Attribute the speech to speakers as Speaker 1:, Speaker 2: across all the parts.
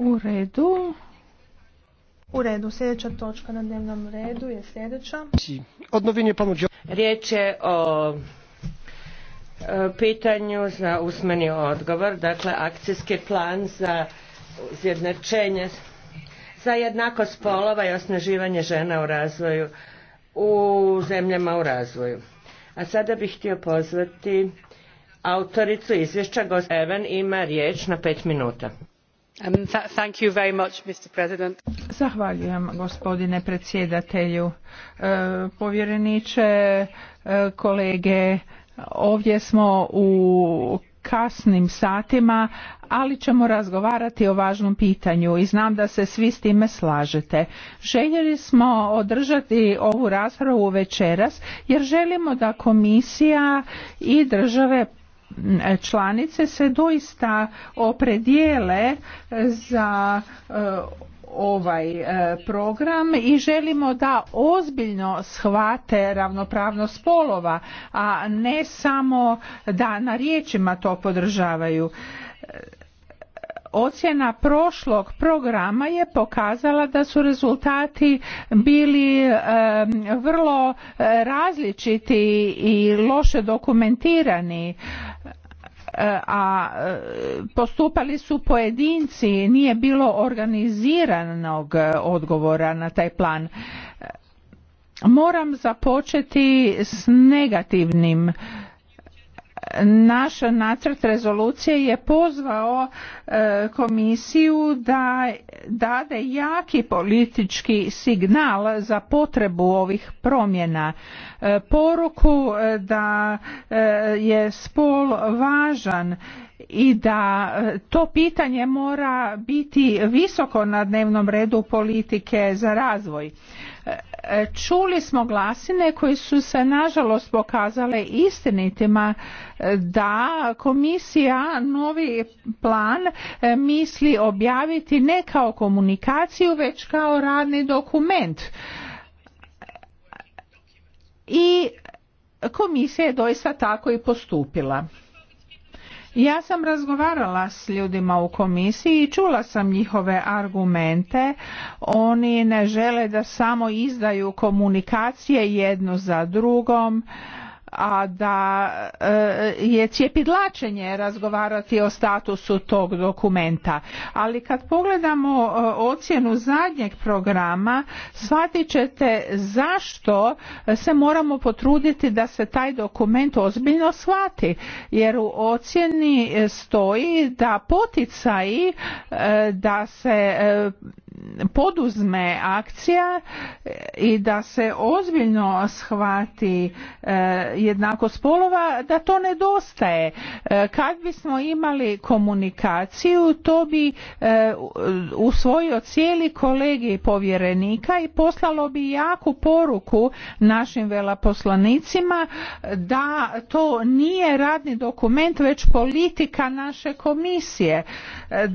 Speaker 1: U redu. sljedeća točka na dnevnom redu je sljedeća.
Speaker 2: Riječ je o e, pitanju za usmeni odgovor, dakle akcijski plan za izjednačenje za jednakost spolova i osnaživanje žena u razvoju u zemljama u razvoju. A sada bih htio pozvati Autoricu izvješća ima riječ na pet minuta. Um, thank
Speaker 3: Zahvaljujem gospodine predsjedatelju. E, povjereniče, e, kolege, ovdje smo u kasnim satima, ali ćemo razgovarati o važnom pitanju i znam da se svi s time slažete. Željeli smo održati ovu raspravu večeras jer želimo da komisija i države članice se doista opredijele za e, ovaj e, program i želimo da ozbiljno shvate ravnopravnost spolova, a ne samo da na riječima to podržavaju ocjena prošlog programa je pokazala da su rezultati bili vrlo eh, različiti i loše dokumentirani eh, a eh, postupali su pojedinci nije bilo organiziranog odgovora na taj plan moram započeti s negativnim naš nacrt rezolucije je pozvao e, komisiju da dade jaki politički signal za potrebu ovih promjena. E, poruku e, da je spol važan i da to pitanje mora biti visoko na dnevnom redu politike za razvoj Čuli smo glasine koji su se nažalost pokazale istinitima da komisija novi plan e, misli objaviti ne kao komunikaciju već kao radni dokument. I komisija je doista tako i postupila. Ja sam razgovarala s ljudima u komisiji i čula sam njihove argumente. Oni ne žele da samo izdaju komunikacije jednu za drugom a da e, je cijepidlačenje razgovarati o statusu tog dokumenta. Ali kad pogledamo e, ocjenu zadnjeg programa, shvatit ćete zašto se moramo potruditi da se taj dokument ozbiljno shvati. Jer u ocjeni stoji da poticaji e, da se poduzme akcija e, i da se ozbiljno shvati e, jednakost spolova da to nedostaje e, kad bismo imali komunikaciju to bi usvojio cijeli kolegi povjerenika i poslalo bi jaku poruku našim veleposlanicima da to nije radni dokument već politika naše komisije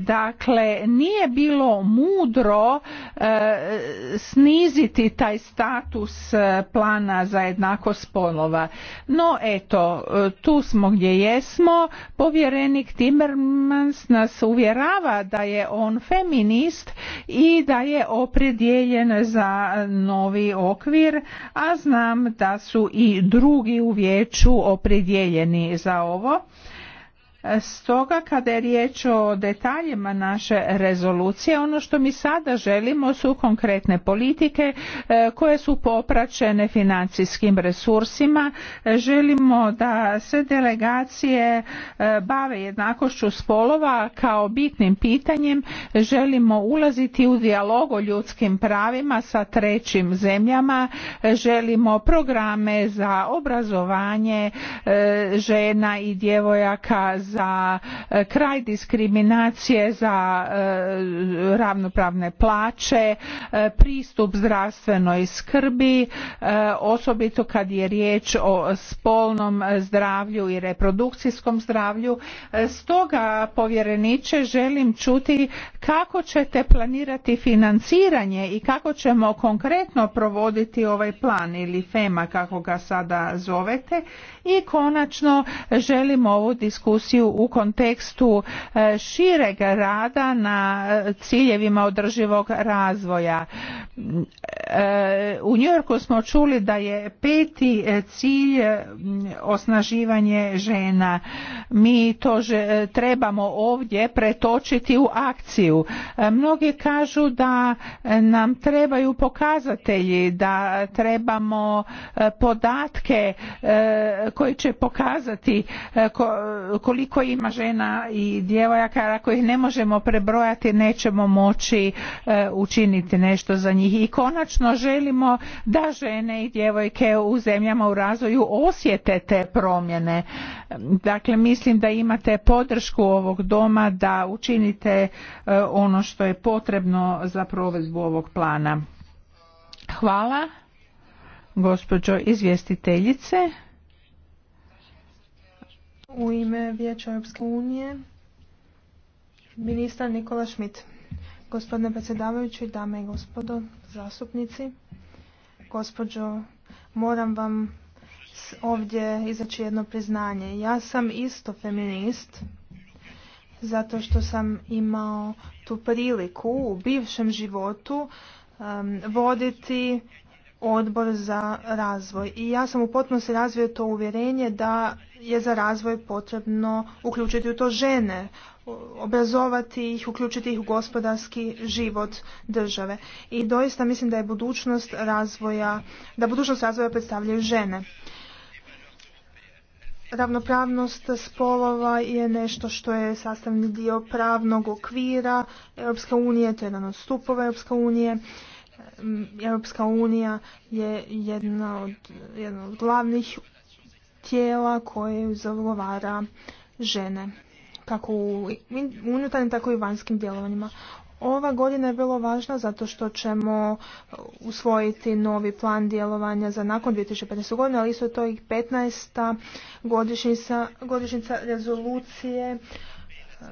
Speaker 3: dakle nije bilo mudro E, sniziti taj status e, plana za jednakost spolova. No eto, e, tu smo gdje jesmo. Povjerenik Timmermans nas uvjerava da je on feminist i da je opredjeljen za novi okvir, a znam da su i drugi u vijeću opredijeljeni za ovo Stoga kada je riječ o detaljima naše rezolucije, ono što mi sada želimo su konkretne politike e, koje su popraćene financijskim resursima. E, želimo da se delegacije e, bave jednakošću spolova kao bitnim pitanjem. Želimo ulaziti u dijalog o ljudskim pravima sa trećim zemljama. Želimo programe za obrazovanje žena i djevojaka za za e, kraj diskriminacije, za e, ravnopravne plaće, e, pristup zdravstvenoj skrbi, osobito kad je riječ o spolnom zdravlju i reprodukcijskom zdravlju. Stoga povjereniče želim čuti kako ćete planirati financiranje i kako ćemo konkretno provoditi ovaj plan ili FEMA kako ga sada zovete i konačno želimo ovu diskusiju u kontekstu e, šireg rada na e, ciljevima održivog razvoja. E, u Yorku smo čuli da je peti cilj osnaživanje žena. Mi to trebamo ovdje pretočiti u akciju. Mnogi kažu da nam trebaju pokazatelji, da trebamo podatke koji će pokazati e, koliko ima žena i djevojaka jer ako ih ne možemo prebrojati nećemo moći e, učiniti nešto za njih i konačno želimo da žene i djevojke u zemljama u razvoju osjete te promjene dakle mislim da imate podršku ovog doma da učinite e, ono što je potrebno za provedbu ovog plana hvala gospođo izvjestiteljice
Speaker 1: u ime Vijeća Europske unije ministar Nikola Šmit. Gospodine predsjedavajući, dame i gospodo zastupnici, gospođo, moram vam ovdje izaći jedno priznanje. Ja sam isto feminist, zato što sam imao tu priliku u bivšem životu voditi odbor za razvoj. I ja sam u potpunosti razvio to uvjerenje da je za razvoj potrebno uključiti u to žene, obrazovati ih, uključiti ih u gospodarski život države. I doista mislim da je budućnost razvoja, da budućnost razvoja predstavljaju žene. Ravnopravnost spolova je nešto što je sastavni dio pravnog okvira Europske unije, to je jedan od stupova Europske unije. Mm, Europska unija je jedna od, jedna od glavnih tijela koje zagovara žene, kako u unutarnjim, tako i vanjskim djelovanjima. Ova godina je vrlo važna zato što ćemo usvojiti novi plan djelovanja za nakon 2015. godine, ali isto to i 15. godišnjica, rezolucije e,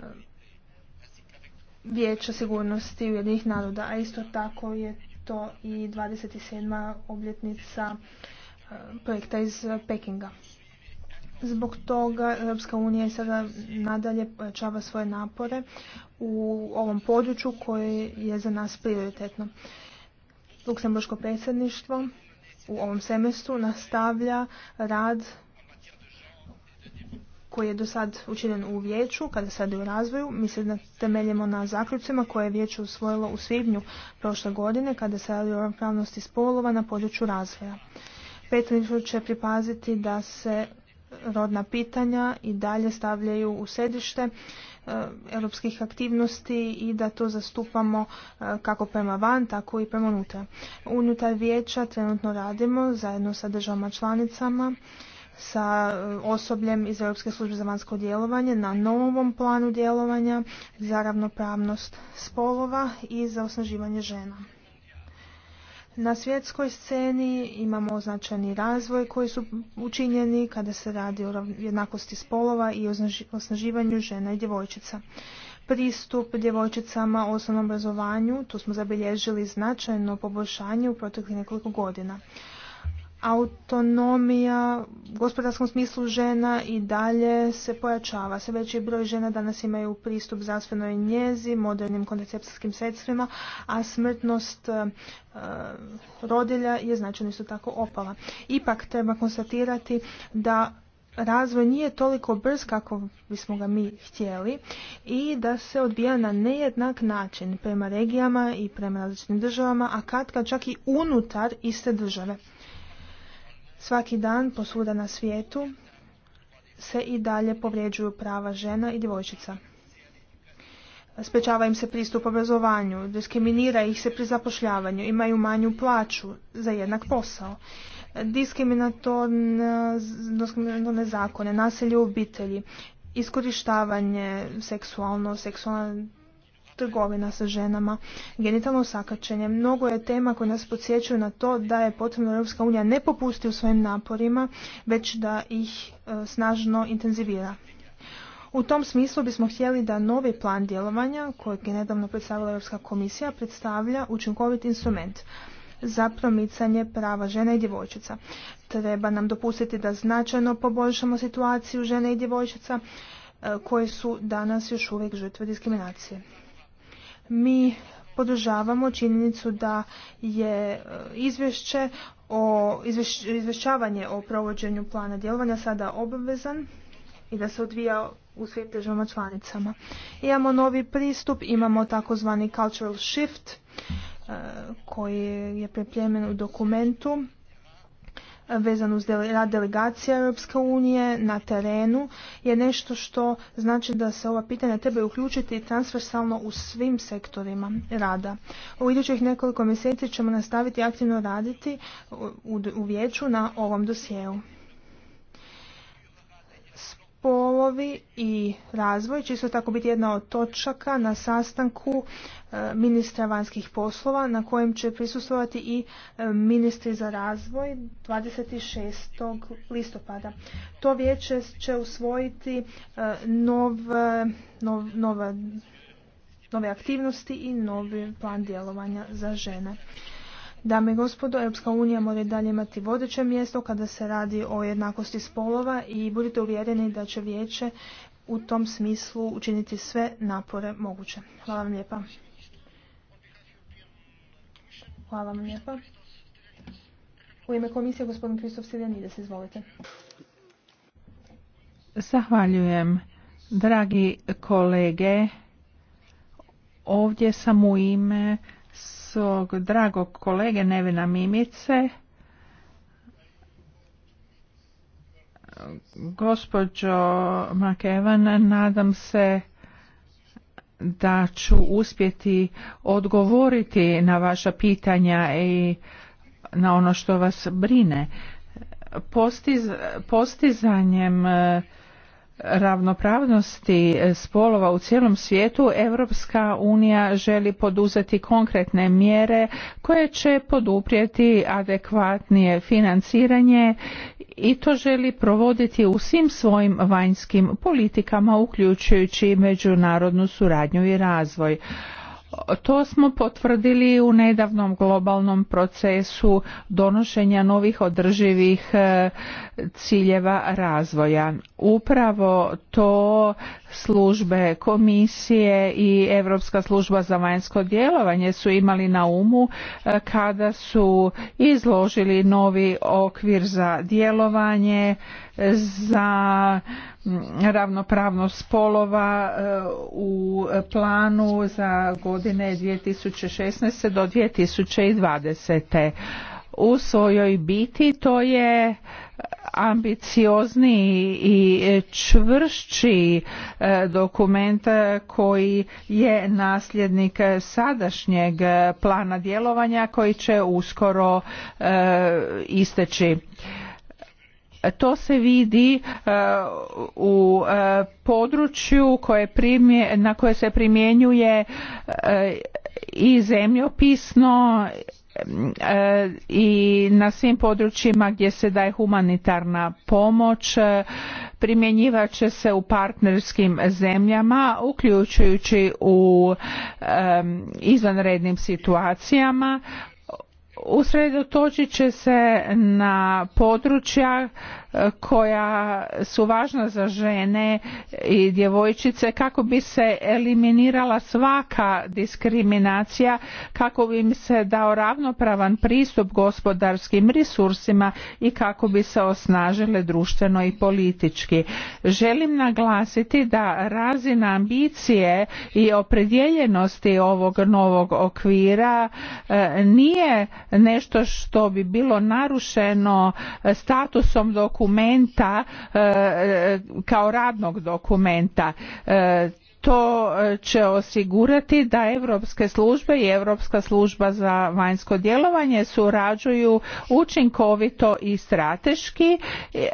Speaker 1: Vijeća sigurnosti Ujedinih naroda, a isto tako je to i 27. obljetnica e, projekta iz Pekinga. Zbog toga Europska unija sada nadalje pojačava svoje napore u ovom području koje je za nas prioritetno. Luksemburško predsjedništvo u ovom semestru nastavlja rad koji je do sad učinjen u vijeću, kada sad je u razvoju. Mi se temeljemo temeljimo na zaključcima koje je vijeće usvojilo u svibnju prošle godine, kada se radi o ravnopravnosti spolova na području razvoja. Predsjedništvo će pripaziti da se rodna pitanja i dalje stavljaju u središte e, europskih aktivnosti i da to zastupamo e, kako prema van, tako i prema unutra. Unutar vijeća trenutno radimo zajedno sa državama članicama sa e, osobljem iz Europske službe za vanjsko djelovanje na novom planu djelovanja za ravnopravnost spolova i za osnaživanje žena. Na svjetskoj sceni imamo značajni razvoj koji su učinjeni kada se radi o jednakosti spolova i osnaživanju žena i djevojčica. Pristup djevojčicama osnovnom obrazovanju, tu smo zabilježili značajno poboljšanje u proteklih nekoliko godina autonomija u gospodarskom smislu žena i dalje se pojačava. Sve veći broj žena danas imaju pristup zdravstvenoj njezi, modernim kontracepcijskim sredstvima, a smrtnost e, e, rodilja je značajno isto tako opala. Ipak treba konstatirati da razvoj nije toliko brz kako bismo ga mi htjeli i da se odbija na nejednak način prema regijama i prema različitim državama, a katka čak i unutar iste države. Svaki dan posuda na svijetu se i dalje povrijeđuju prava žena i djevojčica. Sprečava im se pristup obrazovanju, diskriminira ih se pri zapošljavanju, imaju manju plaću za jednak posao, diskriminatorne, zakone, nasilje u obitelji, iskorištavanje seksualno, seksualno trgovina sa ženama, genitalno sakačenje. Mnogo je tema koje nas podsjećaju na to da je potrebno Europska unija ne popusti u svojim naporima, već da ih e, snažno intenzivira. U tom smislu bismo htjeli da novi plan djelovanja, kojeg je nedavno predstavila Europska komisija, predstavlja učinkovit instrument za promicanje prava žena i djevojčica. Treba nam dopustiti da značajno poboljšamo situaciju žena i djevojčica e, koje su danas još uvijek žrtve diskriminacije. Mi podržavamo činjenicu da je e, izvješće o izvješćavanje o provođenju plana djelovanja sada obavezan i da se odvija u svim državama članicama. Imamo novi pristup, imamo takozvani cultural shift e, koji je pripremljen u dokumentu vezan uz rad delegacija Europske unije na terenu je nešto što znači da se ova pitanja trebaju uključiti transversalno u svim sektorima rada. U idućih nekoliko mjeseci ćemo nastaviti aktivno raditi u vijeću na ovom dosjeu spolovi i razvoj će isto tako biti jedna od točaka na sastanku e, ministra vanjskih poslova na kojem će prisustovati i e, ministri za razvoj 26. listopada. To vijeće će usvojiti e, nove, nove, nove aktivnosti i novi plan djelovanja za žene. Dame i gospodo, Europska unija mora dalje imati vodeće mjesto kada se radi o jednakosti spolova i budite uvjereni da će vijeće u tom smislu učiniti sve napore moguće. Hvala vam lijepa. Hvala vam lijepa. U ime komisije gospodin Kristof Siljanides, izvolite.
Speaker 3: Zahvaljujem. Dragi kolege, ovdje sam u ime svog dragog kolege Nevena Mimice. Gospođo Makevan, nadam se da ću uspjeti odgovoriti na vaša pitanja i na ono što vas brine. postizanjem ravnopravnosti spolova u cijelom svijetu Europska unija želi poduzeti konkretne mjere koje će poduprijeti adekvatnije financiranje i to želi provoditi u svim svojim vanjskim politikama uključujući međunarodnu suradnju i razvoj. To smo potvrdili u nedavnom globalnom procesu donošenja novih održivih e, ciljeva razvoja. Upravo to službe komisije i Europska služba za vanjsko djelovanje su imali na umu e, kada su izložili novi okvir za djelovanje za ravnopravnost spolova e, u planu za godine 2016. do 2020. U svojoj biti to je ambiciozniji i čvršći e, dokument koji je nasljednik sadašnjeg plana djelovanja koji će uskoro e, isteći to se vidi e, u području na koje se primjenjuje i zemljopisno E, i na svim područjima gdje se daje humanitarna pomoć e, primjenjivat će se u partnerskim zemljama uključujući u e, izvanrednim situacijama usredotočit će se na područja koja su važna za žene i djevojčice kako bi se eliminirala svaka diskriminacija kako bi im se dao ravnopravan pristup gospodarskim resursima i kako bi se osnažile društveno i politički želim naglasiti da razina ambicije i opredjeljenosti ovog novog okvira e, nije nešto što bi bilo narušeno statusom dokumenta dokumenta e, kao radnog dokumenta e, to će osigurati da europske službe i europska služba za vanjsko djelovanje surađuju učinkovito i strateški e,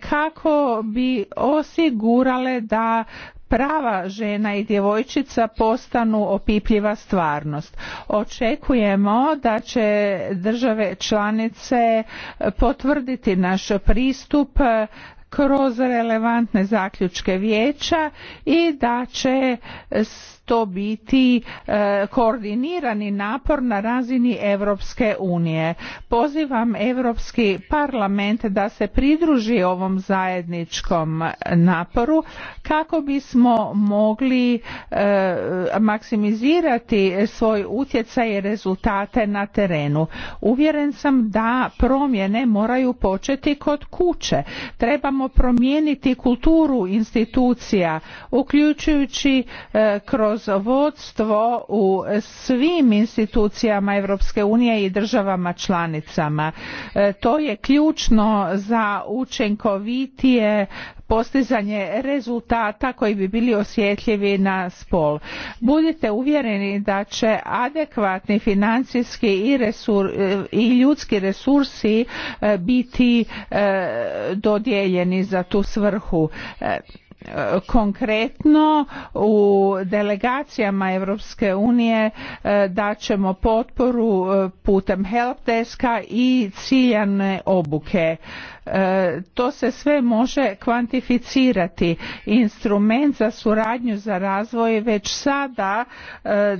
Speaker 3: kako bi osigurale da prava žena i djevojčica postanu opipljiva stvarnost. Očekujemo da će države članice potvrditi naš pristup kroz relevantne zaključke vijeća i da će to biti e, koordinirani napor na razini Europske unije. Pozivam Europski parlament da se pridruži ovom zajedničkom naporu kako bismo mogli e, maksimizirati svoj utjecaj i rezultate na terenu. Uvjeren sam da promjene moraju početi kod kuće. Treba promijeniti kulturu institucija uključujući e, kroz vodstvo u svim institucijama Europske unije i državama članicama. E, to je ključno za učinkovitije postizanje rezultata koji bi bili osjetljivi na spol. Budite uvjereni da će adekvatni financijski i, i ljudski resursi e, biti e, dodijeljeni za tu svrhu e, konkretno u delegacijama Europske unije daćemo potporu putem helpdeska i ciljane obuke E, to se sve može kvantificirati instrument za suradnju za razvoj već sada e,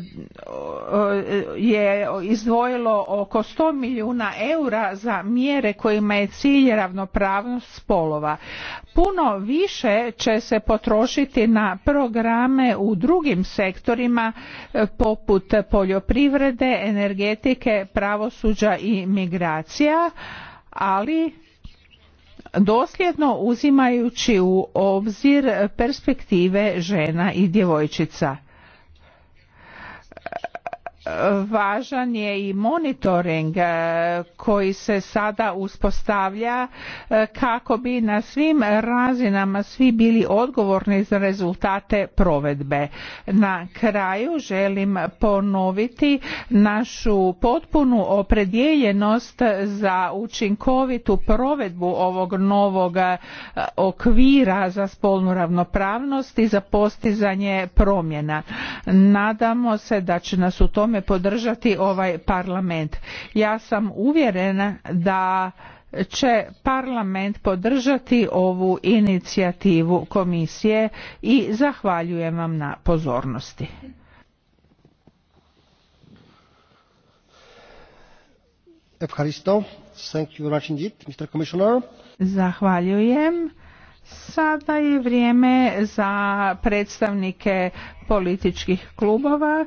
Speaker 3: je izdvojilo oko 100 milijuna eura za mjere kojima je cilj ravnopravnost spolova puno više će se potrošiti na programe u drugim sektorima e, poput poljoprivrede energetike pravosuđa i migracija ali dosljedno uzimajući u obzir perspektive žena i djevojčica važan je i monitoring e, koji se sada uspostavlja e, kako bi na svim razinama svi bili odgovorni za rezultate provedbe. Na kraju želim ponoviti našu potpunu opredjeljenost za učinkovitu provedbu ovog novog e, okvira za spolnu ravnopravnost i za postizanje promjena. Nadamo se da će nas u tome podržati ovaj parlament. Ja sam uvjerena da će parlament podržati ovu inicijativu komisije i zahvaljujem vam na pozornosti. Zahvaljujem. Sada je vrijeme za predstavnike političkih klubova.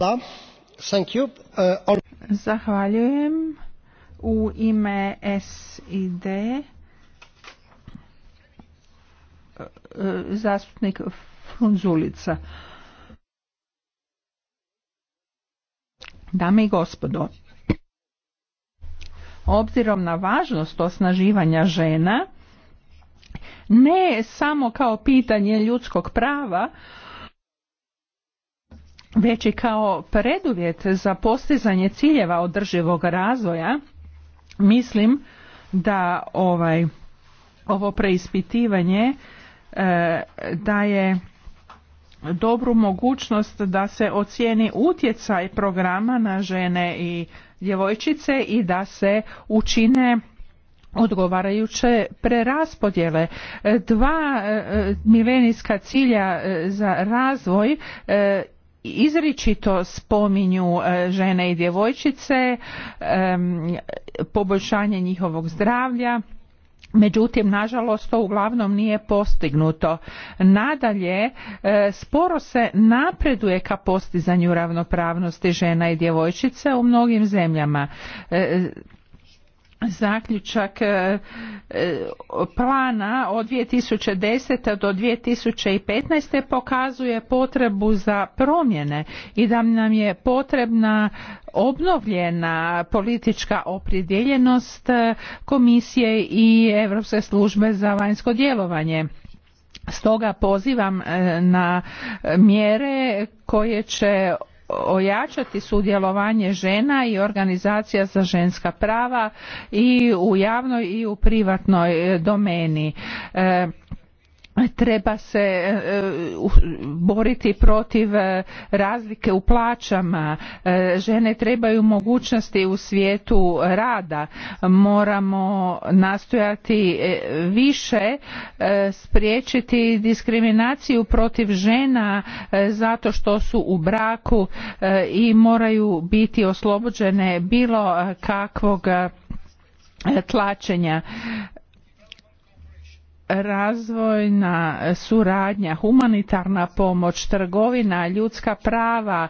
Speaker 4: Uh,
Speaker 3: Zahvaljujem. U ime SID e, zastupnik Frunzulica. Dame i gospodo, obzirom na važnost osnaživanja žena, ne samo kao pitanje ljudskog prava, već i kao preduvjet za postizanje ciljeva održivog razvoja mislim da ovaj ovo preispitivanje e, daje dobru mogućnost da se ocijeni utjecaj programa na žene i djevojčice i da se učine odgovarajuće preraspodjele. Dva e, milenijska cilja e, za razvoj izričito spominju e, žene i djevojčice, e, poboljšanje njihovog zdravlja. Međutim, nažalost, to uglavnom nije postignuto. Nadalje, e, sporo se napreduje ka postizanju ravnopravnosti žena i djevojčice u mnogim zemljama zaključak e, e, plana od 2010. do 2015. pokazuje potrebu za promjene i da nam je potrebna obnovljena politička opredjeljenost e, komisije i Europske službe za vanjsko djelovanje. Stoga pozivam na mjere koje će ojačati sudjelovanje žena i organizacija za ženska prava i u javnoj i u privatnoj e, domeni. E, treba se eh, boriti protiv eh, razlike u plaćama eh, žene trebaju mogućnosti u svijetu rada moramo nastojati više spriječiti diskriminaciju protiv žena zato što su u braku i moraju biti oslobođene bilo kakvog tlačenja razvojna suradnja, humanitarna pomoć, trgovina, ljudska prava,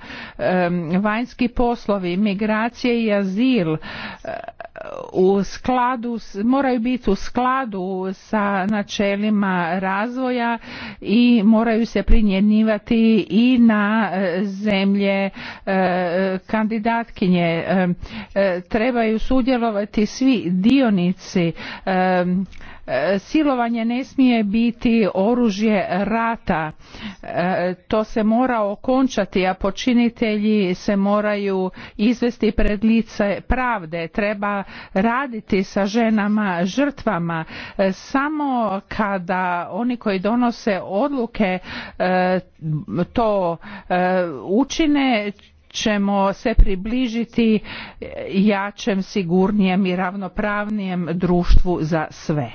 Speaker 3: vanjski poslovi, migracije i azil u skladu moraju biti u skladu sa načelima razvoja i moraju se primjenjivati i na e, zemlje e, kandidatkinje e, trebaju sudjelovati svi dionici silovanje ne smije biti oružje rata to se mora okončati a počinitelji se moraju izvesti pred lice pravde treba raditi sa ženama žrtvama e, samo kada oni koji donose odluke e, to e, učine ćemo se približiti jačem, sigurnijem i ravnopravnijem društvu za sve.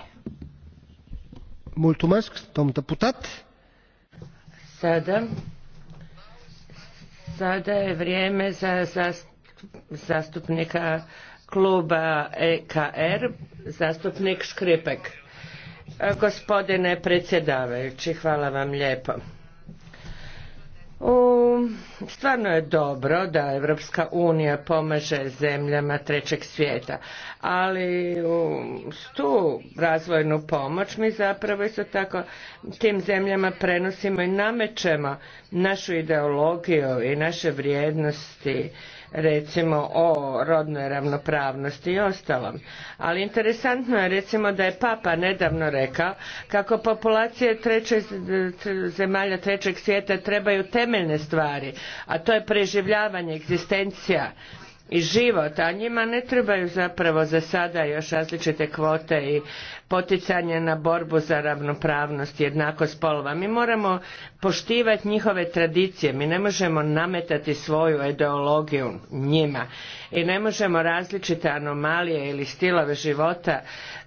Speaker 4: Mulțumesc, domn deputat.
Speaker 2: Sada, sada je vrijeme za zastupnika kluba EKR, er, zastupnik Škripek. E, gospodine predsjedavajući, hvala vam lijepo. U, stvarno je dobro da Europska unija pomaže zemljama trećeg svijeta, ali u tu razvojnu pomoć mi zapravo isto tako tim zemljama prenosimo i namećemo našu ideologiju i naše vrijednosti recimo o rodnoj ravnopravnosti i ostalom. Ali interesantno je recimo da je Papa nedavno rekao kako populacije treće, zemalja trećeg svijeta trebaju temeljne stvari, a to je preživljavanje, egzistencija, i život, a njima ne trebaju zapravo za sada još različite kvote i poticanje na borbu za ravnopravnost, jednakost spolova. Mi moramo poštivati njihove tradicije, mi ne možemo nametati svoju ideologiju njima i ne možemo različite anomalije ili stilove života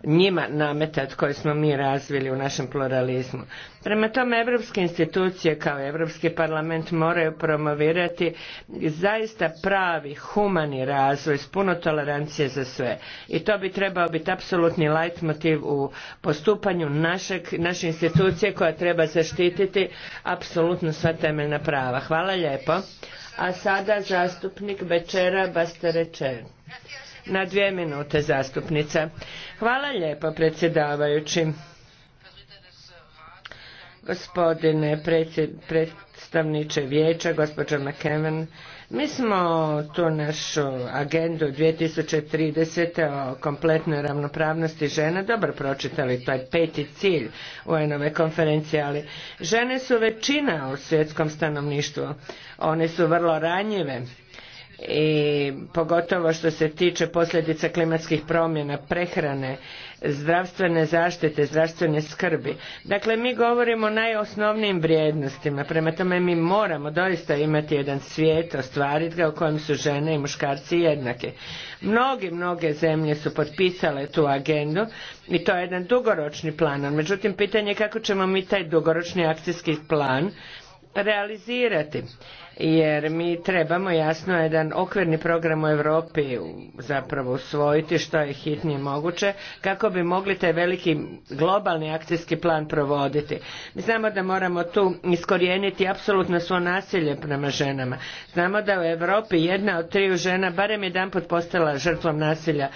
Speaker 2: njima nametati koje smo mi razvili u našem pluralizmu. Prema tome, evropske institucije kao Evropski parlament moraju promovirati zaista pravi, humani razvoj s puno tolerancije za sve. I to bi trebao biti apsolutni leitmotiv u postupanju našeg, naše institucije koja treba zaštititi apsolutno sva temeljna prava. Hvala lijepo. A sada zastupnik Bečera Bastarečer. Na dvije minute zastupnica. Hvala lijepo predsjedavajući. Gospodine predstavniče vijeća, gospođo McKeven, mi smo tu našu agendu 2030. o kompletnoj ravnopravnosti žena dobro pročitali, to je peti cilj u enove konferencije, ali žene su većina u svjetskom stanovništvu, one su vrlo ranjive i pogotovo što se tiče posljedica klimatskih promjena, prehrane, zdravstvene zaštite, zdravstvene skrbi. Dakle, mi govorimo o najosnovnijim vrijednostima, prema tome mi moramo doista imati jedan svijet, ostvariti ga u kojem su žene i muškarci jednake. Mnogi, mnoge zemlje su potpisale tu agendu i to je jedan dugoročni plan. Međutim, pitanje je kako ćemo mi taj dugoročni akcijski plan realizirati jer mi trebamo jasno jedan okvirni program u Europi zapravo usvojiti što je hitnije moguće kako bi mogli taj veliki globalni akcijski plan provoditi. Mi znamo da moramo tu iskorijeniti apsolutno svo nasilje prema ženama. Znamo da u Europi jedna od triju žena barem jedanput postala žrtvom nasilja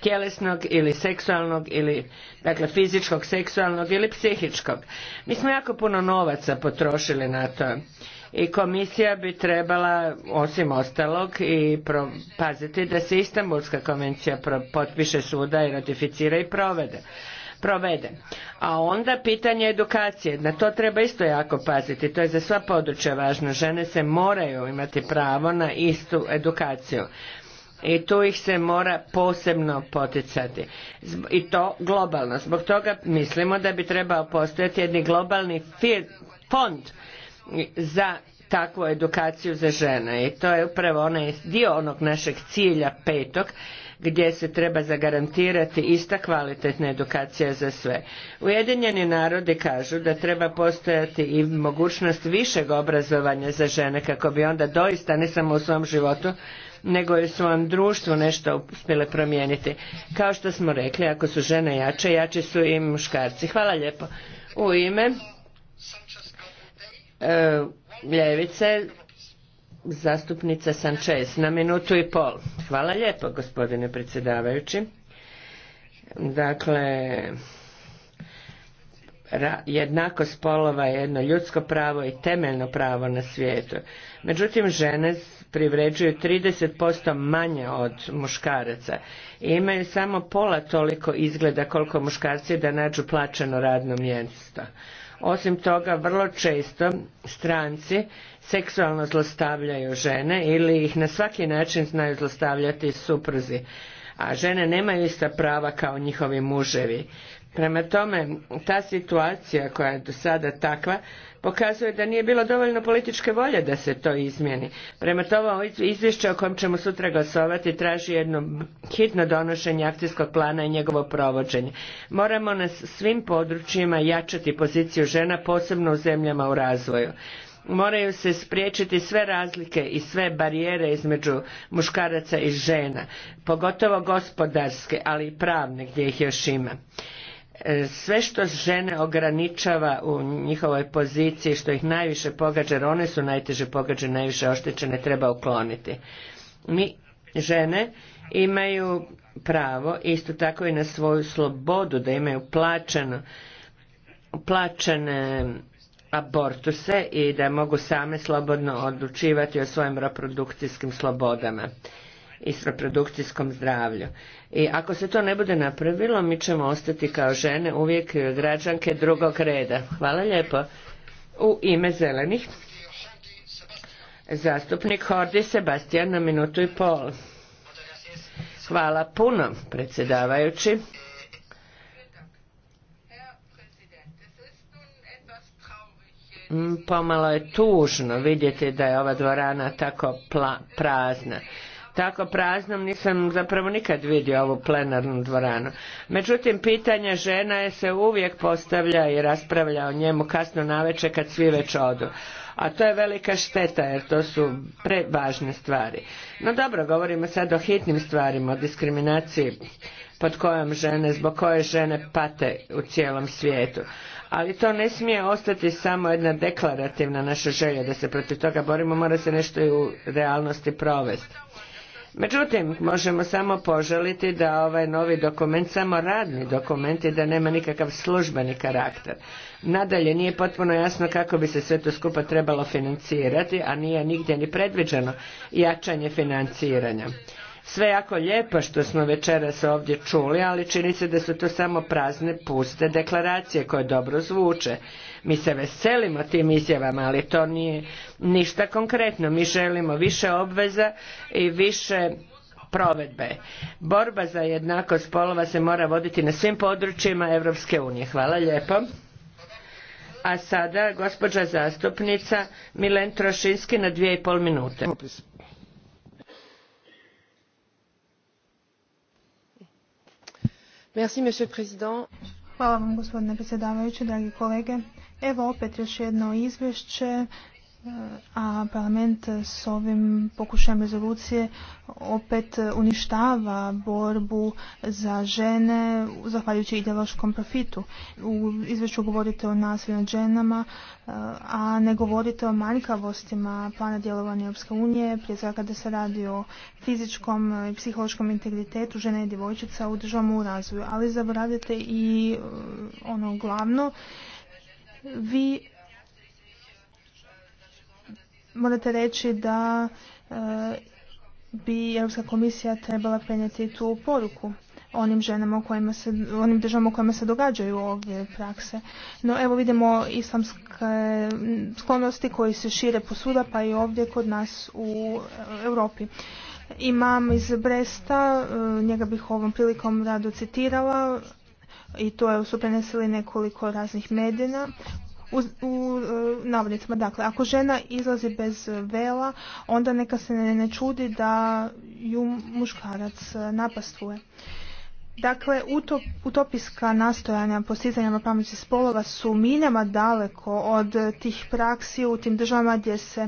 Speaker 2: tjelesnog ili seksualnog ili dakle fizičkog, seksualnog ili psihičkog. Mi smo jako puno novaca potrošili na to i komisija bi trebala osim ostalog i paziti da se Istanbulska konvencija potpiše suda i ratificira i provede provede. A onda pitanje edukacije, na to treba isto jako paziti, to je za sva područja važno. Žene se moraju imati pravo na istu edukaciju i tu ih se mora posebno poticati i to globalno. Zbog toga mislimo da bi trebao postojati jedni globalni fond za takvu edukaciju za žene i to je upravo onaj dio onog našeg cilja petog gdje se treba zagarantirati ista kvalitetna edukacija za sve. Ujedinjeni narodi kažu da treba postojati i mogućnost višeg obrazovanja za žene kako bi onda doista ne samo u svom životu nego su vam društvo nešto uspjele promijeniti. Kao što smo rekli, ako su žene jače, jače su i muškarci. Hvala lijepo. U ime e, Ljevice, zastupnica Sanchez, na minutu i pol. Hvala lijepo, gospodine predsjedavajući. Dakle, jednakost spolova je jedno ljudsko pravo i temeljno pravo na svijetu. Međutim, žene privređuju 30% manje od muškaraca i imaju samo pola toliko izgleda koliko muškarci da nađu plaćeno radno mjesto. Osim toga, vrlo često stranci seksualno zlostavljaju žene ili ih na svaki način znaju zlostavljati suprzi, a žene nemaju ista prava kao njihovi muževi. Prema tome, ta situacija koja je do sada takva, pokazuje da nije bilo dovoljno političke volje da se to izmjeni. Prema tome, ovo izvješće o kojem ćemo sutra glasovati traži jedno hitno donošenje akcijskog plana i njegovo provođenje. Moramo na svim područjima jačati poziciju žena, posebno u zemljama u razvoju. Moraju se spriječiti sve razlike i sve barijere između muškaraca i žena, pogotovo gospodarske, ali i pravne gdje ih još ima sve što žene ograničava u njihovoj poziciji, što ih najviše pogađa, jer one su najteže pogađene, najviše oštećene, treba ukloniti. Mi, žene, imaju pravo, isto tako i na svoju slobodu, da imaju plaćeno, plaćene abortuse i da mogu same slobodno odlučivati o svojim reprodukcijskim slobodama i s reprodukcijskom zdravlju. I ako se to ne bude napravilo, mi ćemo ostati kao žene uvijek građanke drugog reda. Hvala lijepo. U ime zelenih, zastupnik Hordi Sebastian na minutu i pol. Hvala puno, predsjedavajući. Mm, pomalo je tužno vidjeti da je ova dvorana tako prazna. Tako praznom nisam zapravo nikad vidio ovu plenarnu dvoranu. Međutim, pitanje žena je se uvijek postavlja i raspravlja o njemu kasno naveče kad svi već odu. A to je velika šteta jer to su prevažne stvari. No dobro, govorimo sad o hitnim stvarima, o diskriminaciji pod kojom žene, zbog koje žene pate u cijelom svijetu. Ali to ne smije ostati samo jedna deklarativna naša želja da se protiv toga borimo, mora se nešto i u realnosti provesti. Međutim, možemo samo poželiti da ovaj novi dokument samo radni dokument i da nema nikakav službeni karakter. Nadalje, nije potpuno jasno kako bi se sve to skupa trebalo financirati, a nije nigdje ni predviđeno jačanje financiranja sve jako lijepo što smo večeras ovdje čuli, ali čini se da su to samo prazne, puste deklaracije koje dobro zvuče. Mi se veselimo tim izjavama, ali to nije ništa konkretno. Mi želimo više obveza i više provedbe. Borba za jednakost spolova se mora voditi na svim područjima Europske unije. Hvala lijepo. A sada gospođa zastupnica Milen Trošinski na dvije i pol minute.
Speaker 1: Merci, monsieur président. Hvala vam gospodine predsjedavajući, dragi kolege. Evo opet još jedno izvješće a parlament s ovim pokušajem rezolucije opet uništava borbu za žene zahvaljujući ideološkom profitu. U izvješću govorite o nasilju nad ženama, a ne govorite o manjkavostima plana djelovanja Europske unije, prije svega da se radi o fizičkom i psihološkom integritetu žene i djevojčica u državnom u razvoju. Ali zaboravljate i e, ono glavno, vi morate reći da e, bi Europska komisija trebala prenijeti tu poruku onim ženama u kojima se, onim državama u kojima se događaju ove prakse. No evo vidimo islamske sklonosti koji se šire posuda pa i ovdje kod nas u Europi. Imam iz Bresta, e, njega bih ovom prilikom rado citirala i to su prenesili nekoliko raznih medina u, u e, navodnicima. Dakle, ako žena izlazi bez vela, onda neka se ne, ne čudi da ju muškarac e, napastuje. Dakle, utop, utopiska nastojanja postizanja pameti spolova su minjama daleko od tih praksi u tim državama gdje se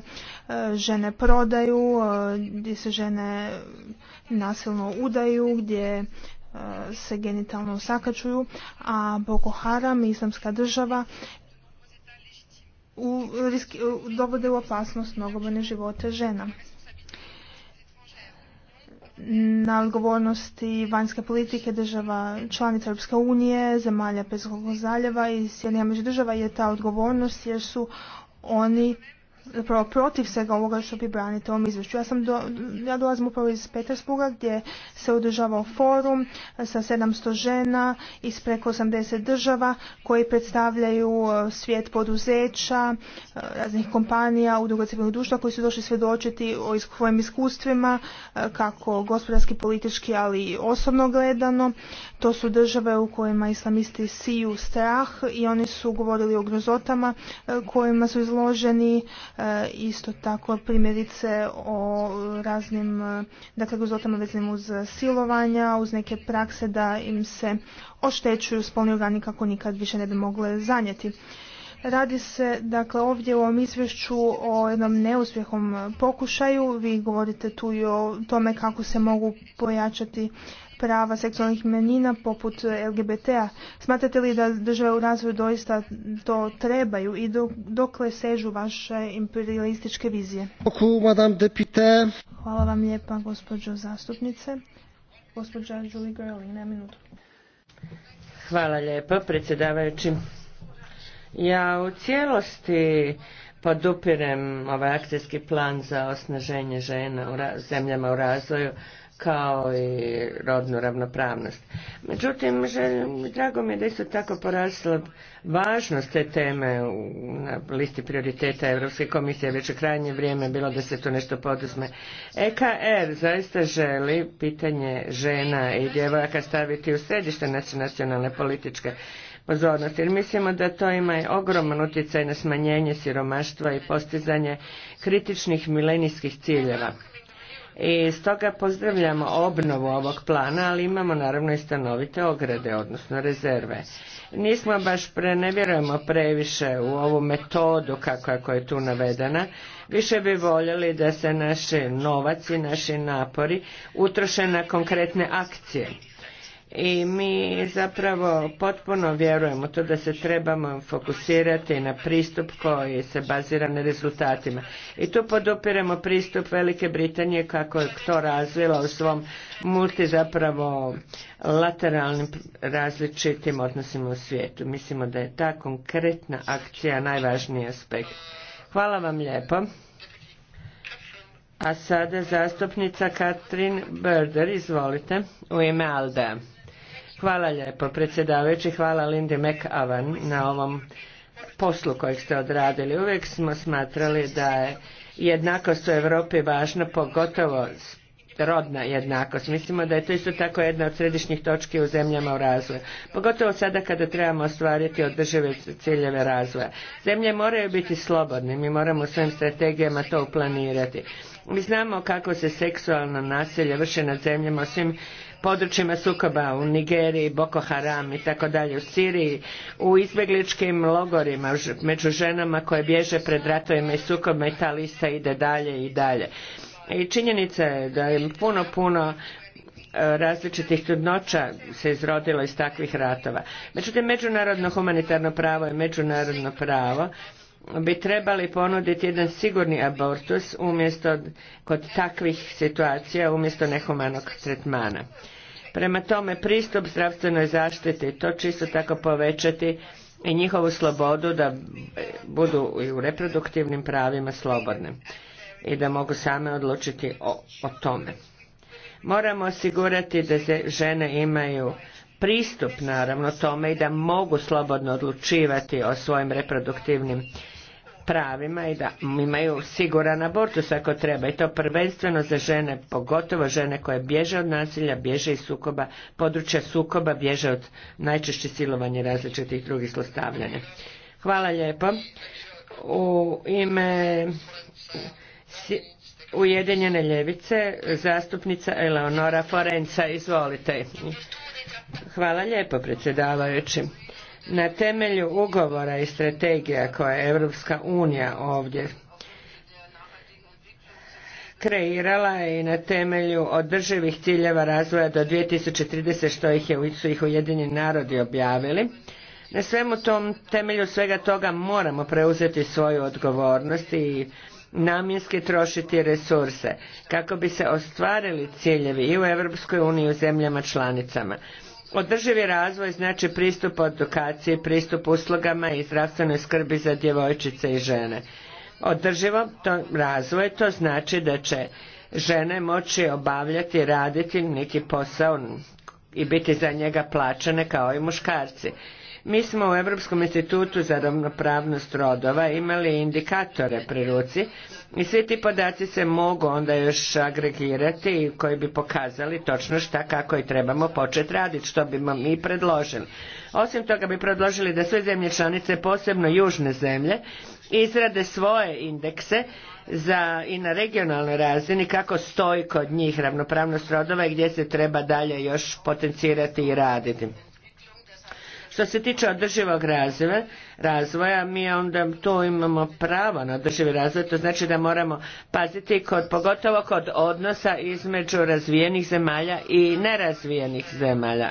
Speaker 1: e, žene prodaju, gdje se žene nasilno udaju, gdje se genitalno sakačuju, a Boko Haram, islamska država, u, dovode u opasnost mnogobrojne živote žena. Na odgovornosti vanjske politike država članica Europske unije, zemalja Pezgogo zaljeva i Sjedinja među država je ta odgovornost jer su oni zapravo protiv svega ovoga što vi branite ovom izvješću. Ja, sam dolazim upravo iz Petersburga gdje se održavao forum sa 700 žena iz preko 80 država koji predstavljaju e, svijet poduzeća, e, raznih kompanija, u civilnog društva koji su došli svjedočiti o svojim iskustvima e, kako gospodarski, politički, ali i osobno gledano. To su države u kojima islamisti siju strah i oni su govorili o grozotama kojima su izloženi E, isto tako primjerice o raznim e, dakle gozotama vezanim uz silovanja, uz neke prakse da im se oštećuju spolni organi kako nikad više ne bi mogle zanijeti. Radi se dakle ovdje u ovom izvješću o jednom neuspjehom pokušaju. Vi govorite tu i o tome kako se mogu pojačati prava seksualnih menina poput LGBT-a. Smatrate li da države u razvoju doista to trebaju i dokle sežu vaše imperialističke vizije? Hvala vam lijepa, gospođo zastupnice. Gospođa Julie Gerling, na minutu.
Speaker 2: Hvala lijepa, predsjedavajući. Ja u cijelosti podupirem ovaj akcijski plan za osnaženje žena u zemljama u razvoju kao i rodnu ravnopravnost. Međutim, drago mi je da isto tako porasla važnost te teme u, na listi prioriteta Europske komisije, već je krajnje vrijeme bilo da se to nešto poduzme. EKR er zaista želi pitanje žena i djevojaka staviti u središte nacionalne političke pozornosti. jer mislimo da to ima ogroman utjecaj na smanjenje siromaštva i postizanje kritičnih milenijskih ciljeva. I stoga pozdravljamo obnovu ovog plana, ali imamo naravno i stanovite ograde, odnosno rezerve. Nismo baš pre, vjerujemo previše u ovu metodu kako, kako je tu navedena. Više bi voljeli da se naši novaci, naši napori utroše na konkretne akcije i mi zapravo potpuno vjerujemo to da se trebamo fokusirati na pristup koji se bazira na rezultatima. I tu podupiremo pristup Velike Britanije kako je to razvila u svom multi zapravo lateralnim različitim odnosima u svijetu. Mislimo da je ta konkretna akcija najvažniji aspekt. Hvala vam lijepo. A sada zastupnica Katrin Berder, izvolite, u ime Aldea. Hvala lijepo predsjedavajući, hvala Lindy McAvan na ovom poslu kojeg ste odradili. Uvijek smo smatrali da je jednakost u Europi važna, pogotovo rodna jednakost. Mislimo da je to isto tako jedna od središnjih točki u zemljama u razvoju. Pogotovo sada kada trebamo ostvariti održive ciljeve razvoja. Zemlje moraju biti slobodne, mi moramo u svojim strategijama to uplanirati. Mi znamo kako se seksualno nasilje vrše nad zemljama osim svim područjima sukoba u Nigeriji, Boko Haram i tako dalje, u Siriji, u izbjegličkim logorima među ženama koje bježe pred ratovima i sukobima i ta lista ide dalje i dalje. I činjenica je da je puno, puno e, različitih trudnoća se izrodilo iz takvih ratova. Međutim, međunarodno humanitarno pravo je međunarodno pravo bi trebali ponuditi jedan sigurni abortus umjesto kod takvih situacija umjesto nehumanog tretmana. Prema tome pristup zdravstvenoj zaštiti to čisto tako povećati i njihovu slobodu da budu i u reproduktivnim pravima slobodne i da mogu same odlučiti o, o tome. Moramo osigurati da se žene imaju pristup naravno tome i da mogu slobodno odlučivati o svojim reproduktivnim pravima i da imaju siguran abortus ako treba i to prvenstveno za žene, pogotovo žene koje bježe od nasilja, bježe iz sukoba, područja sukoba, bježe od najčešće silovanja različitih drugih zlostavljanja. Hvala lijepo. U ime Ujedinjene ljevice zastupnica Eleonora Forenca. Izvolite. Hvala lijepo predsjedavajući na temelju ugovora i strategija koje je Europska unija ovdje kreirala i na temelju održivih ciljeva razvoja do 2030 što ih je, su ih Ujedinjeni narodi objavili. Na svemu tom temelju svega toga moramo preuzeti svoju odgovornost i namjenski trošiti resurse kako bi se ostvarili ciljevi i u Europskoj uniji i u zemljama članicama. Održivi razvoj znači pristup edukaciji, pristup uslugama i zdravstvenoj skrbi za djevojčice i žene. Održivo to razvoj to znači da će žene moći obavljati, raditi neki posao i biti za njega plaćene kao i muškarci. Mi smo u Europskom institutu za ravnopravnost rodova imali indikatore pri ruci i svi ti podaci se mogu onda još agregirati i koji bi pokazali točno šta kako i trebamo početi raditi, što bi mi predložili. Osim toga bi predložili da sve zemlje članice, posebno južne zemlje, izrade svoje indekse za i na regionalnoj razini kako stoji kod njih ravnopravnost rodova i gdje se treba dalje još potencirati i raditi. Što se tiče održivog razvoja, mi onda tu imamo pravo na održivi razvoj, to znači da moramo paziti kod, pogotovo kod odnosa između razvijenih zemalja i nerazvijenih zemalja.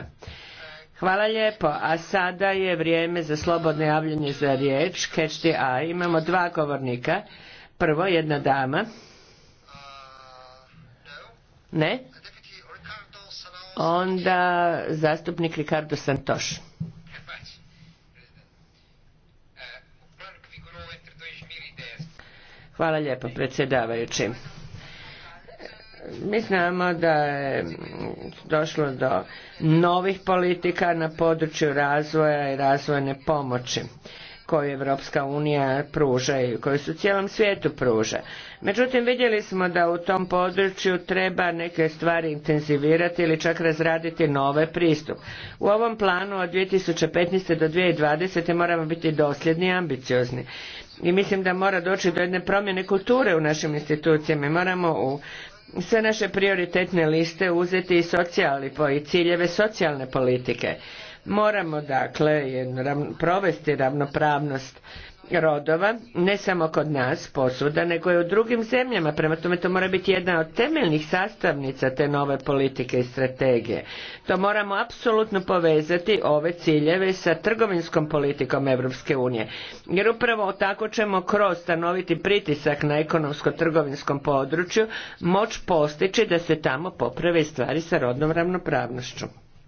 Speaker 2: Hvala lijepo, a sada je vrijeme za slobodno javljanje za riječ, catch Imamo dva govornika, prvo jedna dama. Ne? Onda zastupnik Ricardo Santoš. Hvala lijepo predsjedavajući. Mi znamo da je došlo do novih politika na području razvoja i razvojne pomoći koju Evropska unija pruža i koju su cijelom svijetu pruža. Međutim, vidjeli smo da u tom području treba neke stvari intenzivirati ili čak razraditi nove pristup. U ovom planu od 2015. do 2020. moramo biti dosljedni i ambiciozni i mislim da mora doći do jedne promjene kulture u našim institucijama. Moramo u sve naše prioritetne liste uzeti i socijali i ciljeve socijalne politike Moramo dakle provesti ravnopravnost rodova, ne samo kod nas posuda, nego i u drugim zemljama. Prema tome to mora biti jedna od temeljnih sastavnica te nove politike i strategije. To moramo apsolutno povezati ove ciljeve sa trgovinskom politikom Europske unije. Jer upravo tako ćemo kroz stanoviti pritisak na ekonomsko-trgovinskom području moć postići da se tamo poprave stvari sa rodnom ravnopravnošću.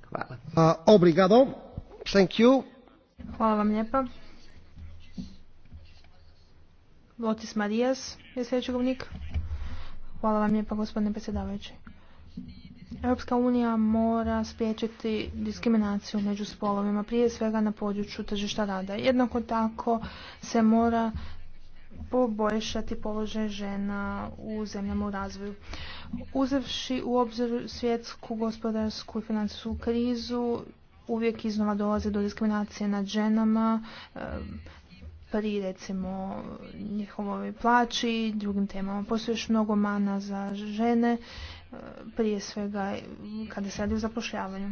Speaker 4: Hvala. Uh, obrigado. Thank you. Hvala vam lijepa.
Speaker 1: Otis Marijas je sljedeći govnik. Hvala vam lijepa gospodine predsjedavajući. Europska unija mora spriječiti diskriminaciju među spolovima, prije svega na području tržišta rada. Jednako tako se mora poboljšati položaj žena u zemljama u razvoju. Uzevši u obzir svjetsku gospodarsku i financijsku krizu, uvijek iznova dolaze do diskriminacije nad ženama eh, pri recimo njihovoj plaći i drugim temama. Postoji još mnogo mana za žene, eh, prije svega kada se radi o zapošljavanju.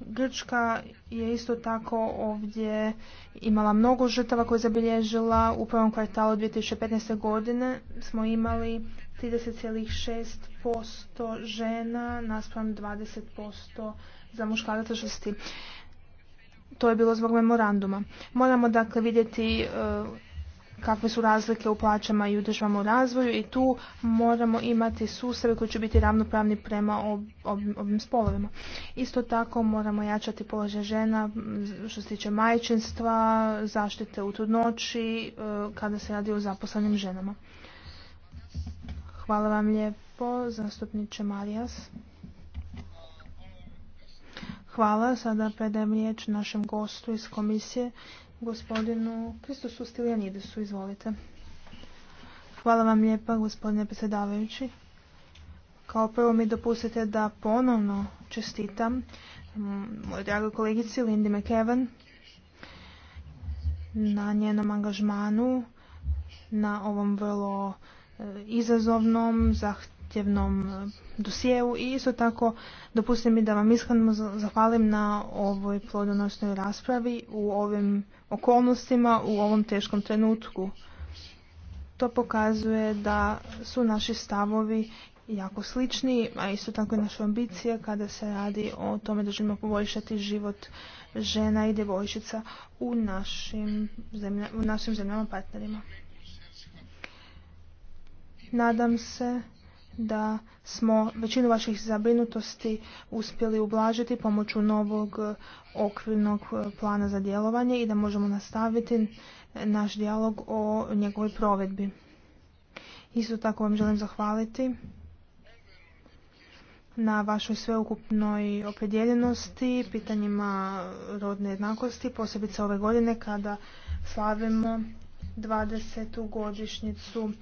Speaker 1: Grčka je isto tako ovdje imala mnogo žrtava koje je zabilježila. U prvom kvartalu 2015. godine smo imali 30,6% žena naspram 20% za muškarata žrsti. To je bilo zbog memoranduma. Moramo dakle vidjeti e, kakve su razlike u plaćama i u u razvoju i tu moramo imati sustave koji će biti ravnopravni prema ovim spolovima. Isto tako moramo jačati položaj žena što se tiče majčinstva, zaštite u trudnoći e, kada se radi o zaposlenim ženama. Hvala vam lijepo, zastupniče Marijas. Hvala, sada predajem riječ našem gostu iz komisije, gospodinu Kristusu Stilijanidesu. Izvolite. Hvala vam lijepa, gospodine predsjedavajući. Kao prvo mi dopustite da ponovno čestitam mm, mojoj dragoj kolegici Lindy McEvan na njenom angažmanu na ovom vrlo e, izazovnom, zahtjevnom zahtjevnom eh, dosjeu i isto tako dopustite mi da vam iskreno zahvalim na ovoj plodonosnoj raspravi u ovim okolnostima, u ovom teškom trenutku. To pokazuje da su naši stavovi jako slični, a isto tako i naše ambicije kada se radi o tome da želimo poboljšati život žena i djevojčica u našim, u našim zemljama partnerima. Nadam se da smo većinu vaših zabrinutosti uspjeli ublažiti pomoću novog e, okvirnog e, plana za djelovanje i da možemo nastaviti naš dijalog o njegovoj provedbi. Isto tako vam želim zahvaliti na vašoj sveukupnoj opredjeljenosti, pitanjima rodne jednakosti, posebice ove godine kada slavimo 20. godišnjicu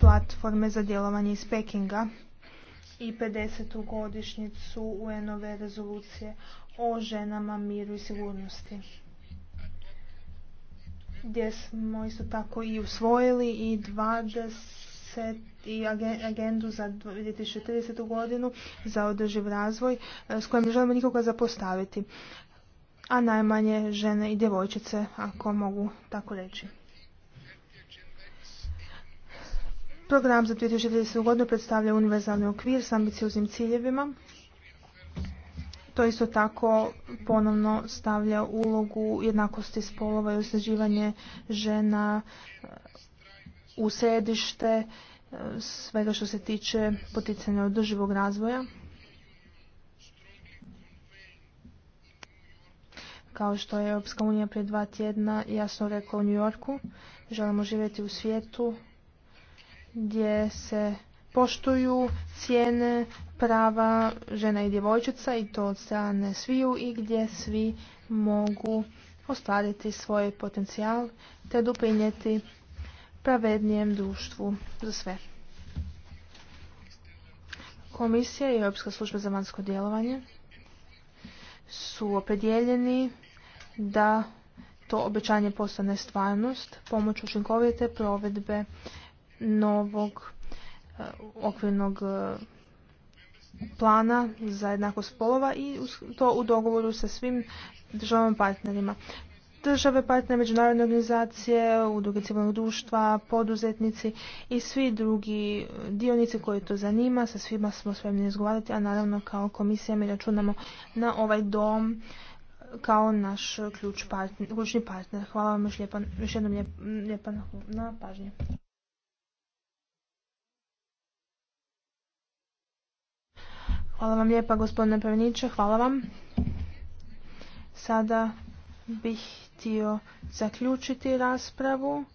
Speaker 1: platforme za djelovanje iz Pekinga i 50. godišnjicu UN-ove rezolucije o ženama, miru i sigurnosti. Gdje smo isto tako i usvojili i 20 i agendu za 2030. godinu za održiv razvoj e, s kojom ne želimo nikoga zapostaviti a najmanje žene i djevojčice, ako mogu tako reći. Program za 2020. godinu predstavlja univerzalni okvir s ambicioznim ciljevima. To isto tako ponovno stavlja ulogu jednakosti spolova i osnaživanje žena eh, u središte eh, svega što se tiče poticanja održivog razvoja. Kao što je Europska unija prije dva tjedna jasno rekao u New Yorku, želimo živjeti u svijetu gdje se poštuju cijene prava žena i djevojčica i to od strane sviju i gdje svi mogu ostvariti svoj potencijal te doprinijeti pravednijem društvu za sve. Komisija i Europska služba za vanjsko djelovanje su opredjeljeni da to obećanje postane stvarnost pomoću učinkovite provedbe novog e, okvirnog e, plana za jednakost spolova i to u dogovoru sa svim državama partnerima. Države partnere, međunarodne organizacije, udruge civilnog društva, poduzetnici i svi drugi e, dionici koji to zanima, sa svima smo spremni izgovarati, a naravno kao komisija mi računamo na ovaj dom kao naš partner, ključni partner. Hvala vam lijepa, još jednom lijepa na pažnje. Hvala vam lijepa gospodine Prveniče, hvala vam. Sada bih htio zaključiti raspravu.